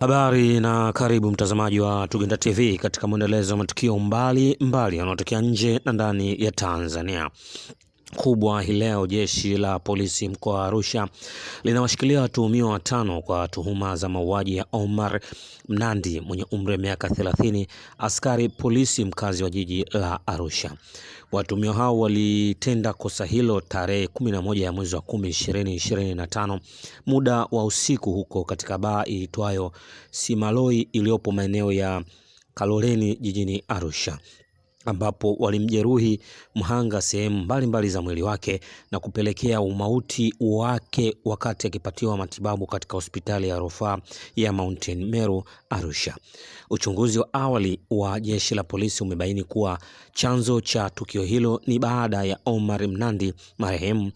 Habari na karibu mtazamaji wa Tugenda TV katika mwendelezo wa matukio mbali mbali yanayotokea nje na ndani ya Tanzania kubwa hii leo jeshi la polisi mkoa wa Arusha linawashikilia watuhumiwa watano kwa tuhuma za mauaji ya Omar Mnandi mwenye umri wa miaka 30, askari polisi mkazi wa jiji la Arusha. Watuhumiwa hao walitenda kosa hilo tarehe 11 ya mwezi wa 10 2025, muda wa usiku huko katika baa iitwayo Simaloi iliyopo maeneo ya Kaloleni jijini Arusha ambapo walimjeruhi mhanga sehemu mbalimbali za mwili wake na kupelekea umauti wake wakati akipatiwa matibabu katika hospitali ya rufaa ya Mountain Meru Arusha. Uchunguzi wa awali wa jeshi la polisi umebaini kuwa chanzo cha tukio hilo ni baada ya Omar Mnandi marehemu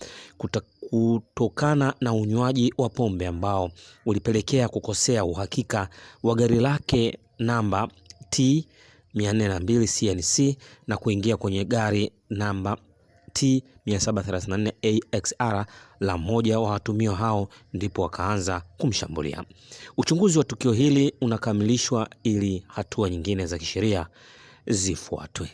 kutokana na unywaji wa pombe ambao ulipelekea kukosea uhakika wa gari lake namba T 402 CNC na kuingia kwenye gari namba T 734 AXR la mmoja wa watumio hao, ndipo wakaanza kumshambulia. Uchunguzi wa tukio hili unakamilishwa ili hatua nyingine za kisheria zifuatwe.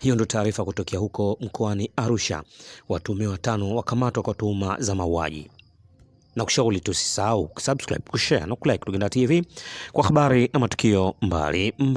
Hiyo ndio taarifa kutokea huko mkoani Arusha. Watumio watano wakamatwa kwa tuhuma za mauaji na kushauri tusisahau kusubscribe, kushare na kulike Lugenda TV kwa habari na matukio mbali mbali.